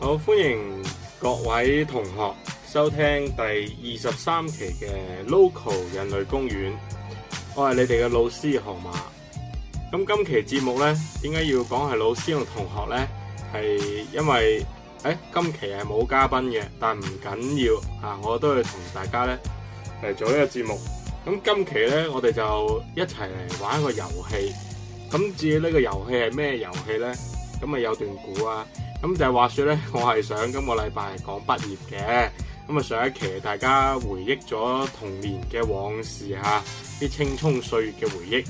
好，歡迎各位同學收聽第二十三期嘅 Local 人類公園，我係你哋嘅老師河馬。咁今期節目呢，點解要講係老師同同學呢？係因為誒、哎，今期係冇嘉賓嘅，但唔緊要啊！我都會同大家呢嚟做呢個節目。咁今期呢，我哋就一齊嚟玩一個遊戲。咁至於呢個遊戲係咩遊戲呢？咁啊有段故啊。咁就係話説咧，我係想今個禮拜係講畢業嘅。咁啊，上一期大家回憶咗童年嘅往事吓、啲青葱歲月嘅回憶。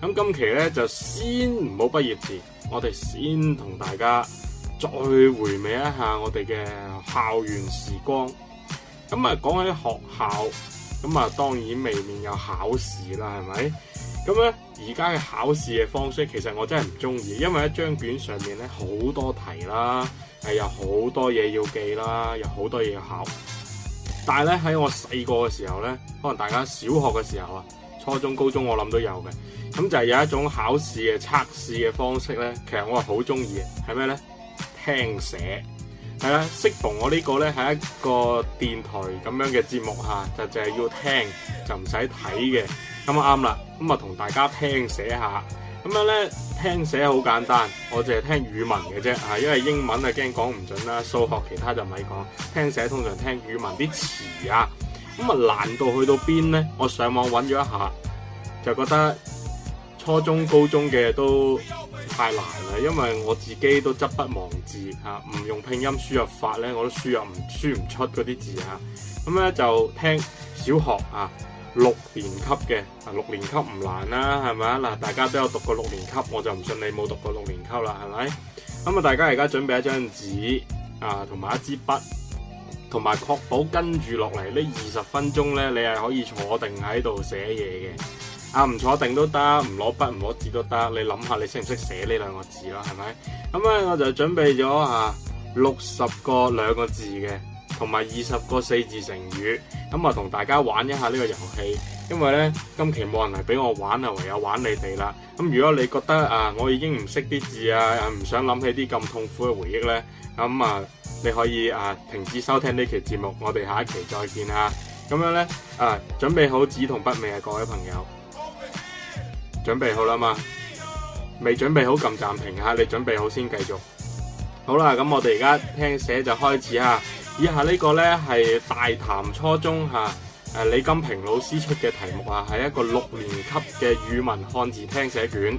咁今期咧，就先唔好畢業，前我哋先同大家再回味一下我哋嘅校園時光。咁啊，講起學校，咁啊當然未免有考試啦，係咪？咁咧，而家嘅考試嘅方式其實我真係唔中意，因為一張卷上面咧好多題啦，係有好多嘢要記啦，有好多嘢要考。但係咧喺我細個嘅時候咧，可能大家小學嘅時候啊，初中、高中我諗都有嘅。咁就係有一種考試嘅測試嘅方式咧，其實我係好中意嘅，係咩咧？聽寫係啦，適逢我呢個咧係一個電台咁樣嘅節目下，就淨係要聽就唔使睇嘅。咁啱啦，咁啊同大家聽寫下，咁樣咧，聽寫好簡單，我淨係聽語文嘅啫，吓，因為英文啊驚講唔準啦，數學其他就唔係講，聽寫通常聽語文啲詞啊，咁啊難度去到邊咧？我上網搵咗一下，就覺得初中、高中嘅都太難啦，因為我自己都執筆忘字吓，唔用拼音輸入法咧，我都輸入唔輸唔出嗰啲字啊。咁咧就聽小學啊。六年級嘅，啊六年級唔難啦，係咪啊嗱？大家都有讀過六年級，我就唔信你冇讀過六年級啦，係咪？咁啊，大家而家準備一張紙啊，同埋一支筆，同埋確保跟住落嚟呢二十分鐘呢，你係可以坐定喺度寫嘢嘅。啊，唔坐定都得，唔攞筆唔攞紙都得。你諗下，你識唔識寫呢兩個字啦？係咪？咁咧，我就準備咗啊六十個兩個字嘅。同埋二十個四字成語，咁啊，同大家玩一下呢個遊戲。因為呢，今期冇人嚟俾我玩啊，我唯有玩你哋啦。咁如果你覺得啊，我已經唔識啲字啊，唔想諗起啲咁痛苦嘅回憶呢，咁啊，你可以啊停止收聽呢期節目。我哋下一期再見啊。咁樣呢，啊，準備好紙同筆未啊，各位朋友？準備好啦嘛？未準備好撳暫停吓，你準備好先繼續。好啦，咁我哋而家聽寫就開始啊。以下呢個呢，係大潭初中吓誒李金平老師出嘅題目啊，係一個六年級嘅語文漢字聽寫卷。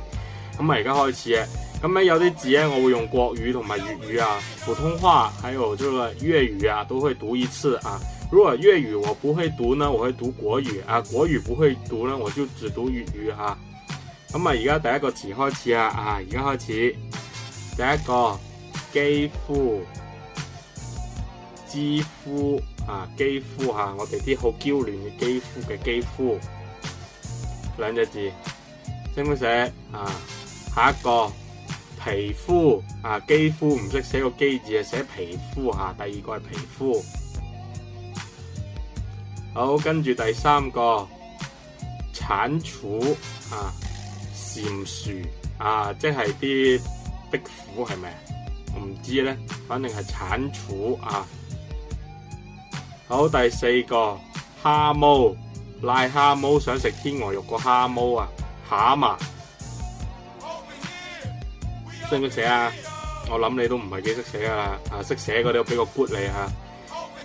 咁啊，而家開始嘅。咁咧有啲字呢，我會用國語同埋粵語啊，普通話，還有就係粵語啊，都會讀一次啊。如果粵語我不會讀呢，我會讀國語啊。國語不會讀呢，我就只讀粵語啊。咁啊，而家第一個詞開始啊，啊，而家開始，第一個肌膚。基肌膚啊，肌膚吓、啊，我哋啲好嬌嫩嘅肌膚嘅肌膚，兩隻字，識唔識寫啊？下一個皮膚啊，肌膚唔識寫個肌字啊，寫皮膚啊。第二個係皮膚，好跟住第三個蟾蜍啊，蟾蜍啊，即係啲壁虎係咪？我唔知咧，反正係蟾蜍啊。好，第四個蝦蟆，癩蝦蟆，想食天鵝肉的蝦蟆啊，蝦蟆，識唔識寫啊？我諗你都唔係幾識寫啊，啊，識寫嗰啲我俾個 good 給你啊。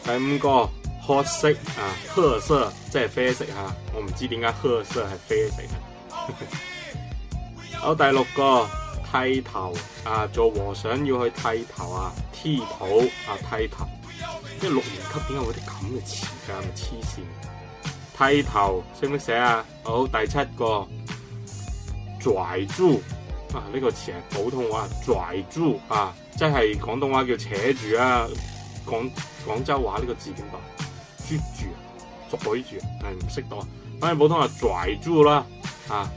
第五個褐色啊，褐色即係啡色吓、啊，我唔知點解褐色係啡色、啊。 好，第六個剃頭啊，做和尚要去剃頭啊，剃頭啊，剃頭。即六年級點解會有啲咁嘅詞㗎？黐線！剃頭識唔識寫啊？好、哦，第七個拽住啊！呢、這個詞係普通話，拽住啊，即係廣東話叫扯住啊。廣州話呢個字點讀？捉住，住、捉拽住係唔識讀啊。反正普通話拽住啦，啊，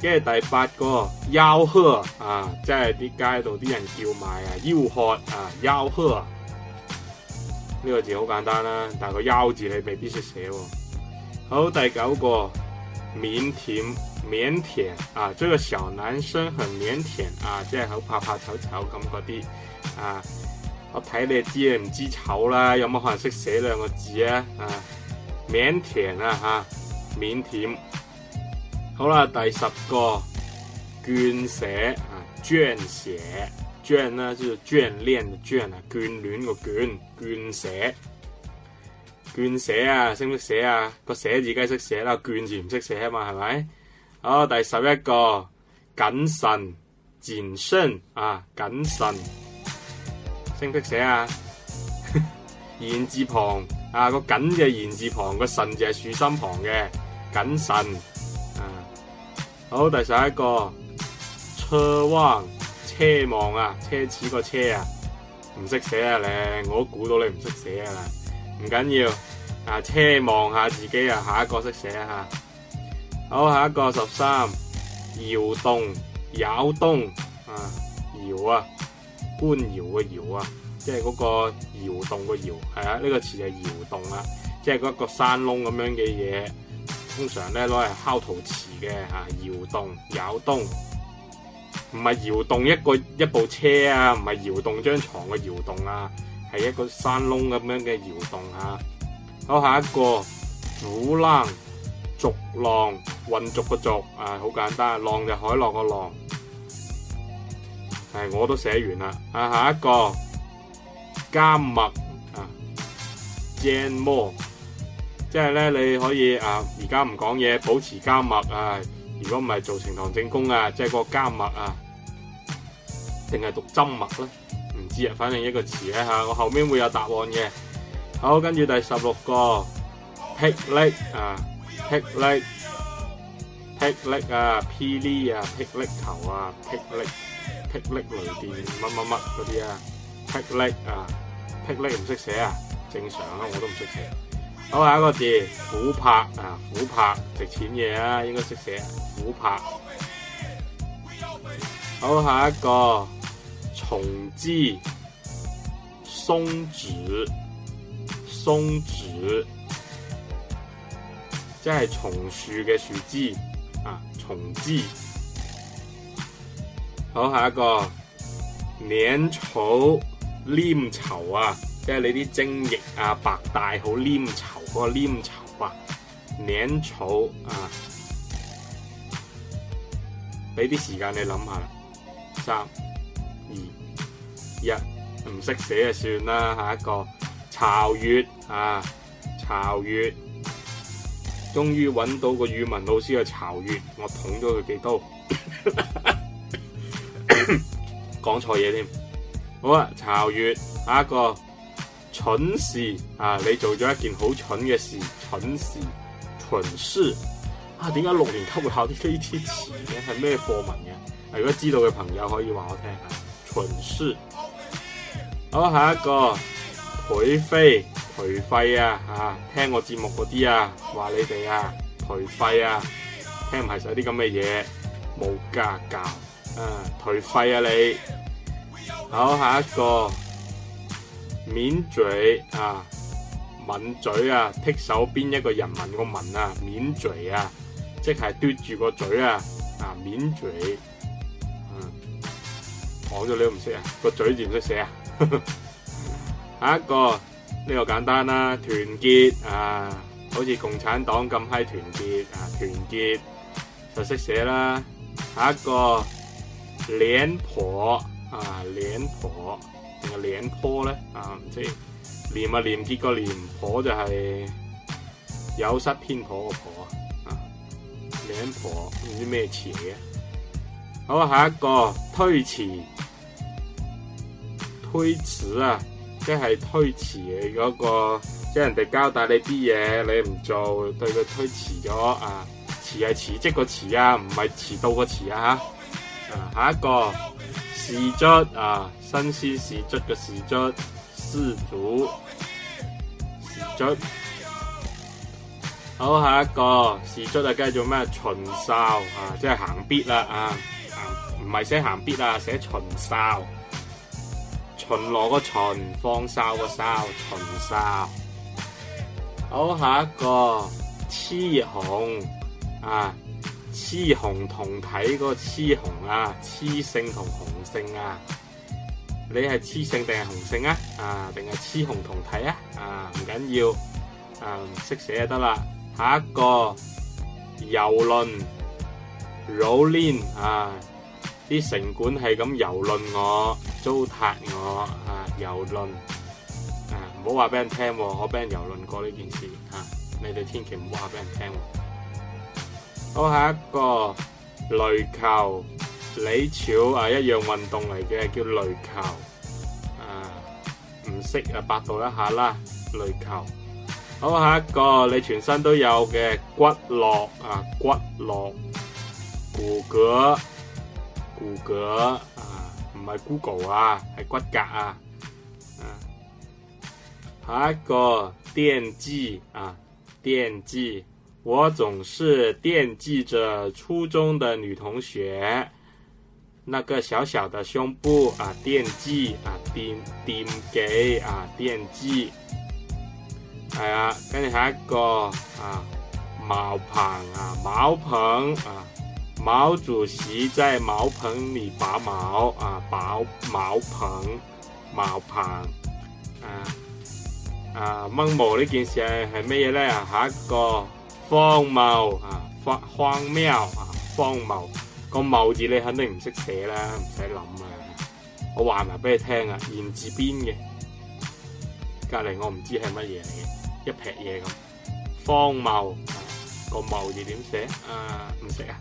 跟住第八個吆喝啊，即係啲街度啲人叫賣啊，吆喝啊，吆喝。呢、這個字好簡單啦，但個休字你未必識寫。好，第九個腼腆，腼腆啊，這個小男生很腼腆啊，即係好怕怕丑醜咁嗰啲啊。我睇你知唔知醜啦，有冇可能識寫兩個字啊？啊，腼腆啊，吓、啊，腼腆。好啦，第十個捐寫啊，捐寫。眷啦，叫做眷戀就眷啦，眷戀個眷，眷寫眷寫啊，識唔識寫啊？個寫字梗係識寫啦，眷字唔識寫啊嘛，係咪？好，第十一個謹慎，謹慎啊，謹慎，識唔識寫啊？言字旁啊，個謹字係言字旁，個慎字係豎心旁嘅謹慎啊。好，第十一個奢望。奢望啊，奢侈個奢啊，唔識寫啊你，我都估到你唔識寫啦，唔緊要，啊奢望下自己啊，下一個識寫啊吓，好，下一個十三，窯洞、窯洞啊，窯啊，官窯個窯啊，即係嗰個窯洞，啊這個窯，係啊呢個詞就窯洞啊。即係嗰個山窿咁樣嘅嘢，通常咧攞嚟敲陶瓷嘅吓，窯、啊、洞、窯洞唔係搖動一個一部車啊，唔係搖動張床嘅搖動啊，係一個山窿咁樣嘅搖動啊。好，下一個鼓浪逐浪，運逐嘅逐啊，好簡單，浪就海浪個浪。係我都寫完啦。啊，下一個加密啊，jam m e r e 即係咧你可以啊，而家唔講嘢，保持加密啊。如果唔係做呈堂證供啊，即、就、係、是、個加密啊，定係讀針密呢？唔知道啊，反正一個詞啊，啊我後面會有答案嘅。好，跟住第十六個霹靂啊，霹靂，霹靂啊，霹靂啊，霹靂球啊，霹靂，霹靂雷電乜乜乜嗰啲啊，霹靂啊，霹靂唔識寫啊，正常啊，我都唔識寫。啊好，下一個字，琥珀啊，琥珀值錢嘢啊，應該識寫琥珀。好，下一個，松枝、松枝、松枝，即係松樹嘅樹枝啊，松枝。好，下一個，草黏、草粘稠啊，即係你啲精液啊，白帶好粘稠。個、哦、黏稠啊，黏稠啊，俾啲時間你諗下啦，三二一，唔識寫就算啦。下一個巢穴啊，巢穴，終於揾到個語文老師嘅巢穴，我捅咗佢幾刀，講 錯嘢添。好啊，巢穴，下一個。蠢事啊！你做咗一件好蠢嘅事，蠢事，蠢事啊！點解六年級會考啲呢啲詞嘅？係咩課文嘅、啊？如果知道嘅朋友可以話我聽啊，蠢事，好，下一個頹廢，頹廢啊！啊，聽我節目嗰啲啊，話你哋啊，頹廢啊，聽唔係實啲咁嘅嘢，冇家教啊！頹廢啊你，好，下一個。抿嘴啊，抿嘴啊，剔手邊一個人民個民啊，抿嘴啊，即係嘟住個嘴啊，啊，抿嘴，嗯，講咗你都唔識啊，個嘴字唔識寫啊？下一個呢個簡單啦，團結啊，好似共產黨咁嗨團結啊，團結就識寫啦。下一個廉頗啊，廉頗。廉頗咧啊唔知廉啊廉，潔個廉頗就係有失偏頗個頗，頗啊。啊！廉頗唔知咩詞嘅、啊，好，下一個推辭，推辭啊，即係推辭你嗰個，即係人哋交代你啲嘢你唔做，對佢推辭咗啊，辭係辭職個辭啊，唔係遲到個遲啊吓，下一個。士卒啊，新鮮士卒嘅士卒，師祖，士卒。好，下一個士卒就叫做咩巡哨啊，即係行必啦啊，唔係寫行必啊，寫巡哨，巡邏個巡，放哨個哨，巡哨。好，下一個雌雄啊。雌雄同體嗰個雌雄啊，雌性同雄性啊，你係雌性定係雄性啊？啊，定係雌雄同體啊？啊，唔緊要，啊，識寫就得啦。下一個游論，rolling 啊，啲城管係咁游論我，糟蹋我啊，游論啊，唔好話俾人聽，我俾人游論過呢件事吓、啊，你哋千祈唔好話俾人聽。好，下一個壘球，李潮啊，一樣運動嚟嘅，叫壘球啊，唔識啊，百度一下啦，壘球。好，下一個你全身都有嘅骨骼啊，骨骼、啊，骨骼，骨骼啊，咪骨頭啊，係骨骼啊，啊。下一個電機啊，電機。我總是惦記着初中的女同學，那個小小的胸部啊，惦記啊，惦惦記啊，惦記。係啊，給啊惦記哎、呀跟住下一個啊，茅棚啊，茅棚啊，毛主席在茅棚裏拔毛啊，拔茅棚，茅棚啊啊，拔、啊、毛呢件事係係咩嘢咧？下一個。荒謬啊，荒荒謬啊，荒謬個謬字你肯定唔識寫啦，唔使諗啊。我話埋俾你聽啊，言字邊嘅隔籬，我唔知係乜嘢嚟嘅，一撇嘢咁。荒謬個謬字點寫啊？唔識啊，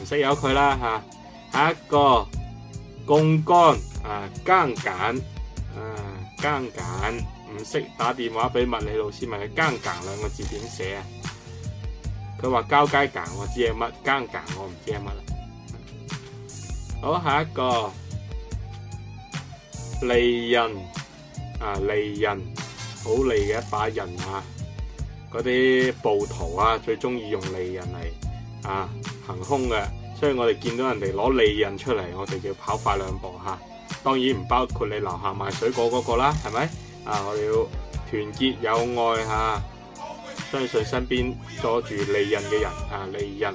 唔識由佢啦吓。下一個槓桿啊，槓桿啊，槓桿唔識打電話俾物理老師問佢，槓桿兩個字點寫啊？佢話交街賬我知乜，中階賬我唔知乜。好，下一個利刃，利刃好利嘅一把刃啊，嗰啲暴徒啊最鍾意用利刃嚟啊行兇嘅，所以我哋見到人哋攞利刃出嚟，我哋就要跑快兩步嚇、啊。當然唔包括你樓下賣水果嗰個啦，係咪？啊，我哋要團結友愛相信身邊助住利刃嘅人、啊、利刃。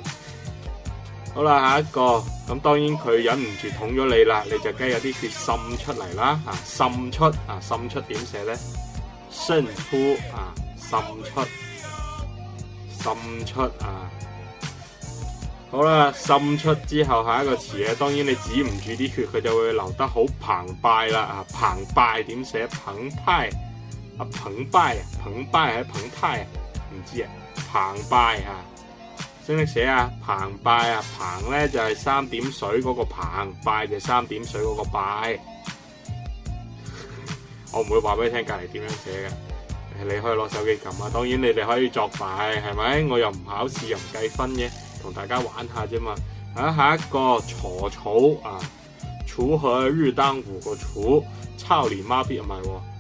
好啦，下一個咁，當然佢忍唔住捅咗你啦，你就梗係有啲血滲出嚟啦嚇，滲出啊，滲出點寫咧？滲出啊，滲出。啊、滲出，啊，滲出，啊，滲出啊，好啦，滲出之後下一個詞啊，當然你止唔住啲血，佢就會流得好澎湃啦啊，澎湃點寫？澎湃啊，澎湃，澎湃係澎湃。唔知啊，澎湃啊，識唔識寫啊？澎湃啊，澎咧就係、是、三點水嗰個澎，湃就三點水嗰個拜。」 我唔會話俾你聽隔籬點樣寫嘅，你可以攞手機撳啊。當然你哋可以作弊，係咪？我又唔考試又唔計分嘅，同大家玩下啫嘛。啊，下一個鋤草,草啊，鋤禾日當午個鋤，操你媽逼唔係喎！是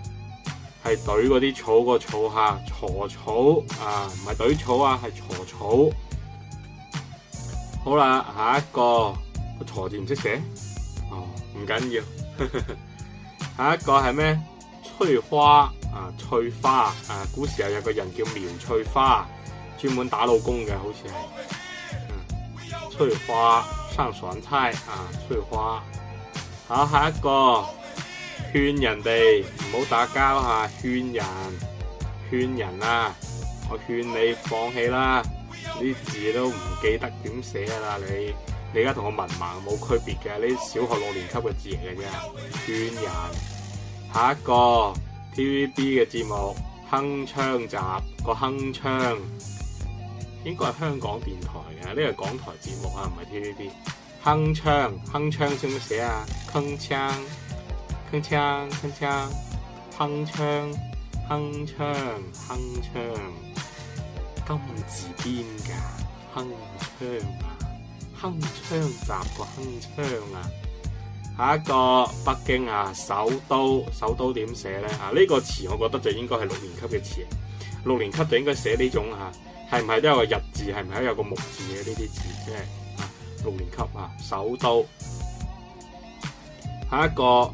係懟嗰啲草個草吓，鋤草。草、啊、草啊，唔係懟草啊，係鋤草。好啦，下一個，個鋤字唔識寫哦，唔緊要。下一個係咩？翠花啊，翠花啊，古時候有個人叫苗翠花，專門打老公嘅，好似係。翠花生爽菜啊，翠花。好、啊啊、下一個。勸人哋唔好打交吓，勸人勸人啊！我勸你放棄啦，呢字都唔記得點寫啦你。你而家同我文盲冇區別嘅，呢小學六年級嘅字嚟嘅啫。勸人，下一個 TVB 嘅節目鏗鏘集個鏗鏘，應該係香港電台嘅呢個港台節目啊，唔係 TVB。鏗鏘鏗鏘，識唔識寫啊？鏗鏘。鏗鏘鏗鏘鏗鏘鏗鏘鏗鏘，金字邊噶鏗鏘啊鏗鏘，集個鏗鏘啊。下一個北京啊，首都首都點寫呢？啊呢、這個詞我覺得就應該係六年級嘅詞，啊，六年級就應該寫呢種啊，係唔係都有個日字？係唔係都有個木字嘅呢啲字？即係、啊、六年級啊，首都。下一個。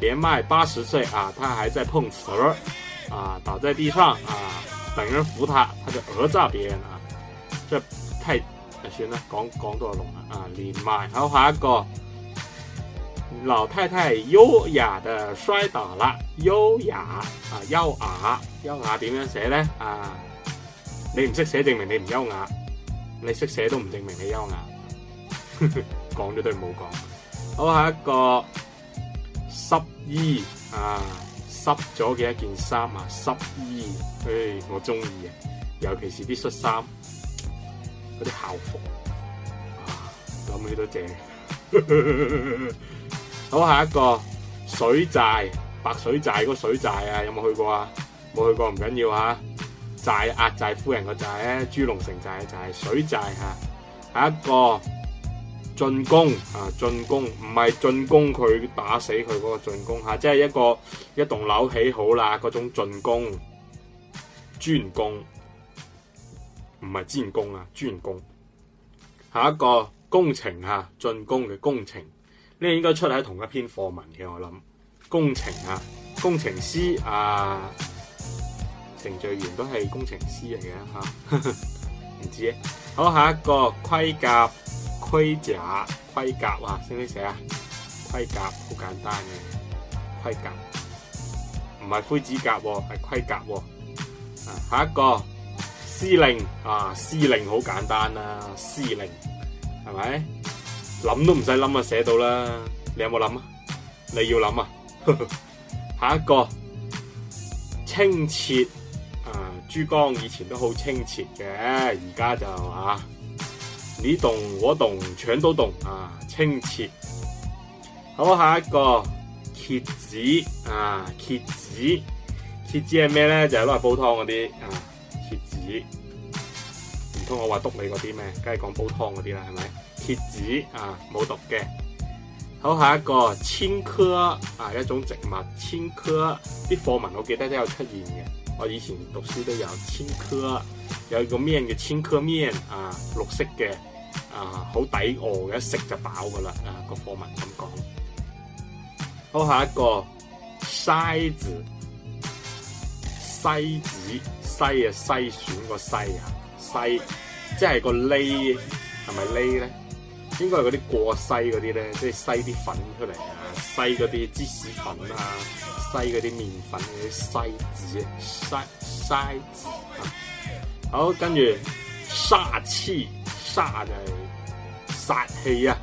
連麥八十歲啊，他還在碰瓷兒啊，倒在地上啊，等人扶他，他就訛詐別人啊，這太……啊、算啦，講講多少龍了啊，連麥。好，下一個老太太優雅的摔倒啦，優雅啊，優雅，優雅點樣寫呢啊？你唔識寫證明你唔優雅，你識寫都唔證明你優雅。講咗都冇講。好，下一個。老太太優雅的濕衣啊，濕咗嘅一件衫啊，濕衣，唉、哎，我中意啊，尤其是啲恤衫，嗰啲校服，啊，諗起都正？ 好，下一個水寨，白水寨嗰個水寨啊，有冇去過啊？冇去過唔緊要吓、啊，寨壓寨夫人個寨咧，豬龍城寨就係水寨吓、啊，下一個。進攻啊，進攻唔係進攻佢打死佢嗰個進攻吓，即係一個一棟樓起好啦嗰種進攻專攻，唔係戰功啊專攻。下一個工程吓，進攻嘅工程呢個應該出喺同一篇課文嘅我諗，工程啊，工程師啊，程序員都係工程師嚟嘅吓，呵呵唔知咧。好，下一個盔甲。盔甲，盔甲啊，識唔識寫啊？盔甲好簡單嘅，盔甲唔係灰指甲喎，係盔甲喎。下一個司令啊，司令好簡單啦，司令係咪諗都唔使諗啊？寫到啦。你有冇諗啊？你要諗啊。 下一個清澈啊，珠江以前都好清澈嘅，而家就啊。你凍我凍，腸都凍啊！清澈，好，下一個蠍子啊！蠍子，蠍子係咩咧？就係攞嚟煲湯嗰啲啊！蠍子，唔通我話篤你嗰啲咩？梗係講煲湯嗰啲啦，係咪？蠍子啊，冇毒嘅。好，下一個青稞啊，一種植物，青稞啲課文我記得都有出現嘅。我以前讀書都有青稞，有一個麵叫青稞麵啊，綠色嘅。啊，好抵餓嘅，一食就飽噶啦！啊，個貨物咁講。啊啊、好，下一個篩子，篩子篩啊篩選、就是、個篩啊篩，即係個篩係咪篩咧？應該係嗰啲過篩嗰啲咧，即係篩啲粉出嚟啊，篩嗰啲芝士粉啊，篩嗰啲麵粉嗰啲篩子，篩篩子、啊。好，跟住沙黐，沙就係。煞氣啊，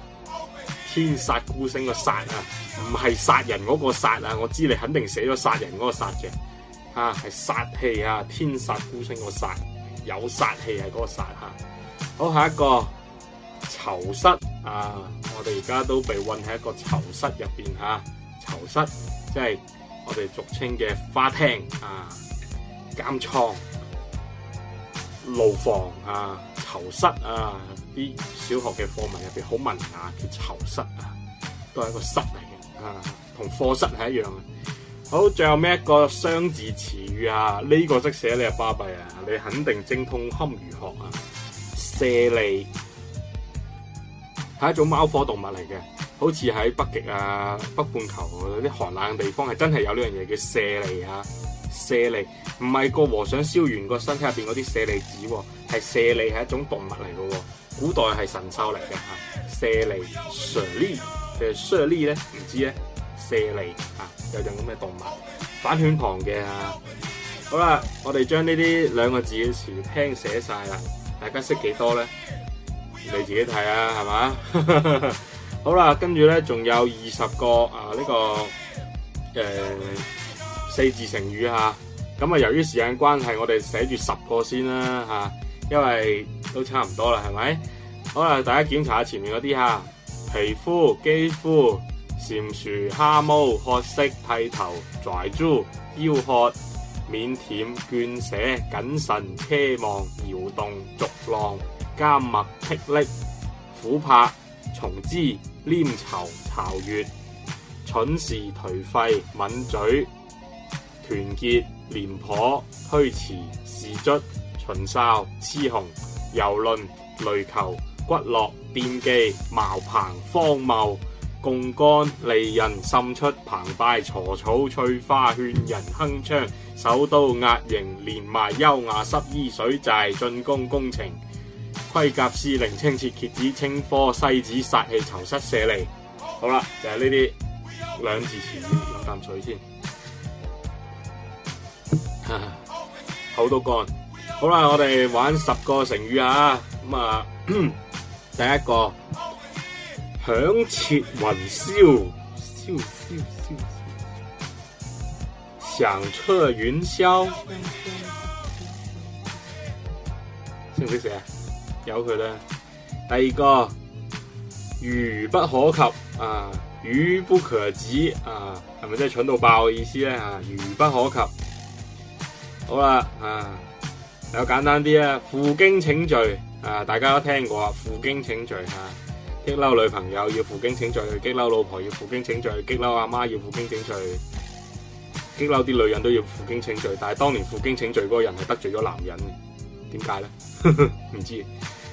天煞孤星個煞啊，唔係殺人嗰個殺啊，我知你肯定寫咗殺人嗰個殺嘅、啊，吓係煞氣啊，天煞孤星個煞，有煞氣係嗰個煞吓、啊。好，下一個，囚室啊，我哋而家都被困喺一個囚室入邊吓，囚室即係我哋俗稱嘅花廳啊，監倉、牢房啊，囚室、就是、啊。啲小學嘅課文入邊好文雅叫囚室啊，都係一個室嚟嘅啊，同課室係一樣嘅。好，最後咩一個雙字詞語啊？呢、這個即寫你係巴閉啊！你肯定精通堪如學啊。舍利係一種貓科動物嚟嘅，好似喺北極啊、北半球嗰啲寒冷嘅地方係真係有呢樣嘢叫舍利啊。舍利唔係個和尚燒完個身體入邊嗰啲舍利子喎、啊，係舍利係一種動物嚟嘅喎。古代係神獸嚟嘅吓，舍利 （sheri） 嘅 sheri 咧唔知咧，舍利吓、啊、有陣咁嘅動物，反犬旁嘅吓。好啦，我哋將呢啲兩個字嘅詞聽寫晒啦，大家識幾多咧？你自己睇啊，係嘛？ 好啦，跟住咧仲有二十個啊，呢、這個誒、呃、四字成語吓。咁啊，由於時間關係，我哋寫住十個先啦吓。啊因為都差唔多喇，是係咪？好喇，大家檢查下前面嗰啲皮膚、肌膚、蟾蜍、蝦毛、褐色剃頭、拽豬、吆喝、腼腆、撰寫、謹慎、奢望、搖動、動、逐浪、加密、霹靂、琥珀、松脂、黏稠、巢穴、蠢事、頹廢、抿嘴、團結、廉頗、虛詞、士卒。秦哨、雌雄、游刃、雷球、骨骼、電機、茅棚、荒謬、槓桿、利刃、滲出、澎湃、鋤草、翠花、勸人、鏗鏘、手刀、壓型、連埋、優雅、濕衣、水寨、進攻、工程、盔甲、司令、清澈、蠍子、清科、西子、殺氣、潮濕、射利。好啦，就係呢啲兩字詞語，飲啖水先， 口都乾。好啦，我哋玩十個成語啊。咁、嗯、啊，第一個響徹雲霄，響徹雲霄，識唔識寫啊？有佢啦。第二個，逾不可及啊，愚不可及啊，係咪真係蠢到爆嘅意思呢？啊，愚不可及。好啦、啊，啊。有簡單啲啊，負荊請罪啊，大家都聽過啊，負荊請罪啊，激嬲女朋友要負荊請罪，激嬲老婆要負荊請罪，激嬲阿媽要負荊請罪，激嬲啲女，女人都要負荊請罪，但係當年負荊請罪嗰個人係得罪咗男人嘅，點解呢？呵呵，唔知道。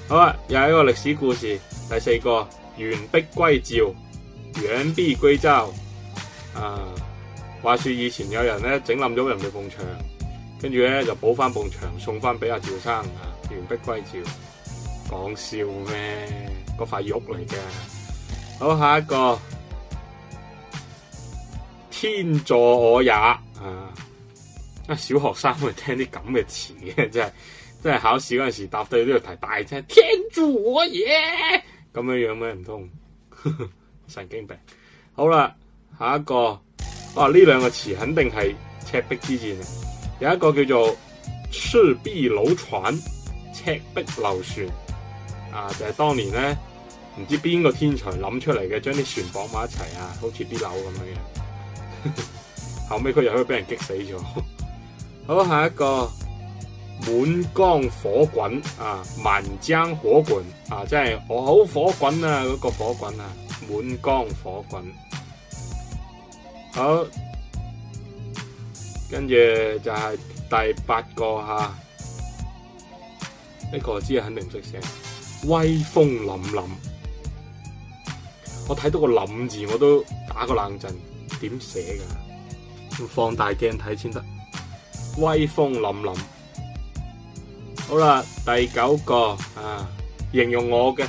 好啊，又一個歷史故事，第四個，完璧歸趙，完璧歸趙啊！話說以前有人咧整冧咗人哋幅牆。跟住咧就補翻埲牆，送翻俾阿趙生啊，完璧歸趙。講笑咩？嗰塊玉嚟嘅。好，下一個，天助我也啊！啊，小學生會聽啲咁嘅詞嘅，真係真係考試嗰陣時答對呢個題大，大聲天助我也咁樣樣咩？唔通神經病？好啦，下一個，我呢兩個詞肯定係赤壁之戰。有一個叫做赤壁樓船，赤壁樓船啊，就係當年呢，唔知邊個天才諗出嚟嘅，將啲船綁埋一齊啊，好似啲樓咁樣嘅。 後尾佢又可以俾人擊死咗。好，下一個滿江火滾啊，滿江火滾啊，即係我好火滾啊，嗰、那個火滾啊，滿江火滾。好。跟住就係第八個吓，呢、啊這個字肯定唔識寫，威風凜凜。我睇到個凜字我都打個冷震，點寫㗎？要放大鏡睇先得。威風凜凜。好啦，第九個啊，形容我嘅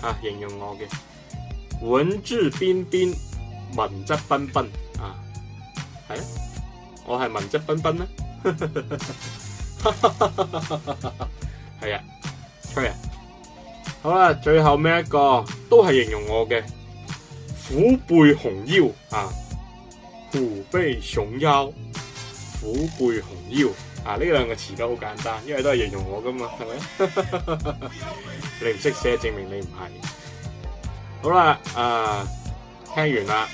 啊，形容我嘅，文質彬彬，文質彬彬啊，誒、啊。我係文質彬彬咧， 係啊，吹啊，好啦、啊，最後咩一個都係形容我嘅虎背熊腰啊，虎背熊腰、啊，虎背熊腰啊，呢兩個詞都好簡單，因為都係形容我㗎嘛，係咪？ 你唔識寫，證明你唔係。好啦、啊，啊，聽完啦，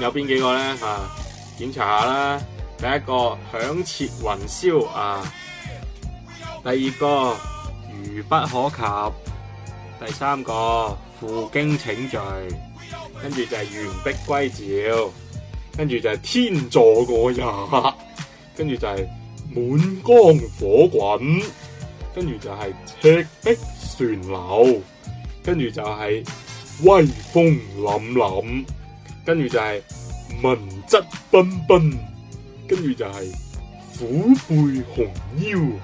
有邊幾個咧啊？檢查下啦，第一個響徹雲霄啊，第二個愚不可及，第三個負荊請罪，跟住就係完璧歸趙，跟住就係天助我也，跟住就係滿江火滾，跟住就係赤壁船流，跟住就係威風凜凜，跟住就係、是。文質彬彬，跟住就係虎背熊腰。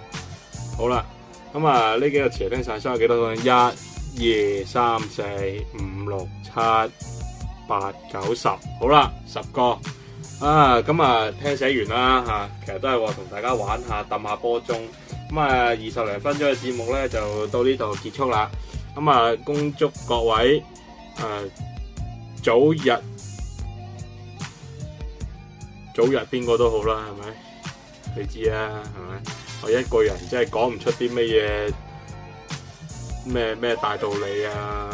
好啦，咁啊呢幾個詞聽晒，收咗幾多個？一、二、三、四、五、六、七、八、九、十。好啦，十個。啊，咁啊聽寫完啦吓，其實都係話同大家玩下揼下波鐘。咁啊二十零分鐘嘅節目咧就到呢度結束啦。咁啊恭祝各位誒早日。早日邊個都好啦，係咪？你知啊，係咪？我一個人真係講唔出啲乜嘢，咩咩大道理啊，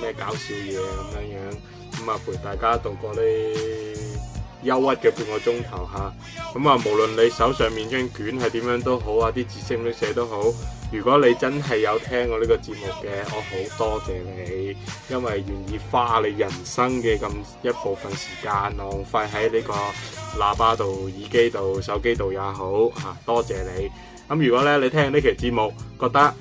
咩搞笑嘢咁樣樣，咁啊陪大家度過呢～憂鬱嘅半個鐘頭嚇，咁啊，無論你手上面張卷係點樣都好啊，啲字識唔識寫都好。如果你真係有聽我呢個節目嘅，我好多謝你，因為願意花你人生嘅咁一部分時間，浪費喺呢個喇叭度、耳機度、手機度也好嚇、啊，多謝你。咁、啊、如果咧你聽呢期節目覺得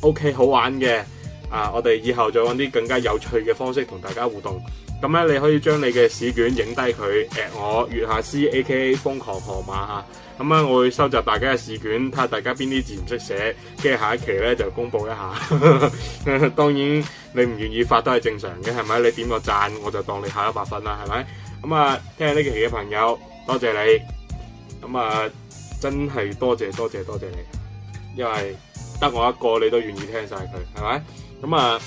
OK 好玩嘅，啊，我哋以後再揾啲更加有趣嘅方式同大家互動。咁咧，你可以將你嘅試卷影低佢，at 我月下 c A K A 瘋狂河馬吓。咁啊，我會收集大家嘅試卷，睇下大家邊啲字唔識寫，跟住下一期咧就公佈一下。 當然你唔願意發都係正常嘅，係咪？你點個讚，我就當你下一百分啦，係咪？咁啊，聽呢期嘅朋友，多謝你。咁啊，真係多謝多謝多謝你，因為得我一個你都願意聽晒佢，係咪？咁啊。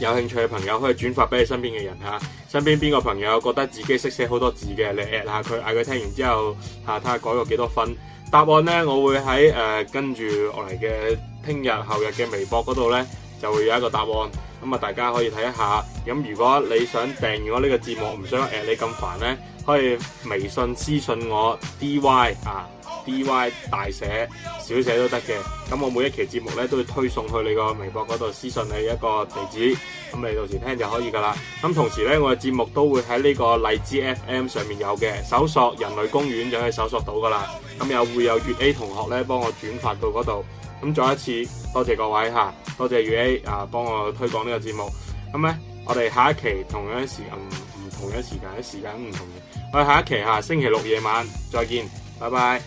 有興趣嘅朋友可以轉發俾你身邊嘅人嚇，身邊邊個朋友覺得自己識寫好多字嘅，你 at 下佢，嗌佢聽完之後嚇，睇下改咗幾多分。答案呢，我會喺、呃、跟住落嚟嘅聽日、後日嘅微博嗰度呢，就會有一個答案。咁啊，大家可以睇一下。咁如果你想訂閱我呢個節目，唔想 at 你咁煩呢，可以微信私信我 dy 啊。D Y 大寫、小寫都得嘅。咁我每一期節目咧都會推送去你個微博嗰度，私信你一個地址，咁你到時聽就可以噶啦。咁同時咧，我嘅節目都會喺呢個荔枝 F M 上面有嘅，搜索人類公園就可以搜索到噶啦。咁又會有粵 A 同學咧幫我轉發到嗰度。咁再一次多謝各位吓，多謝粵 A 啊，幫我推廣呢個節目。咁咧，我哋下一期同樣時唔唔同樣時間，時間唔同嘅。我哋下一期吓、啊、星期六夜晚再見，拜拜。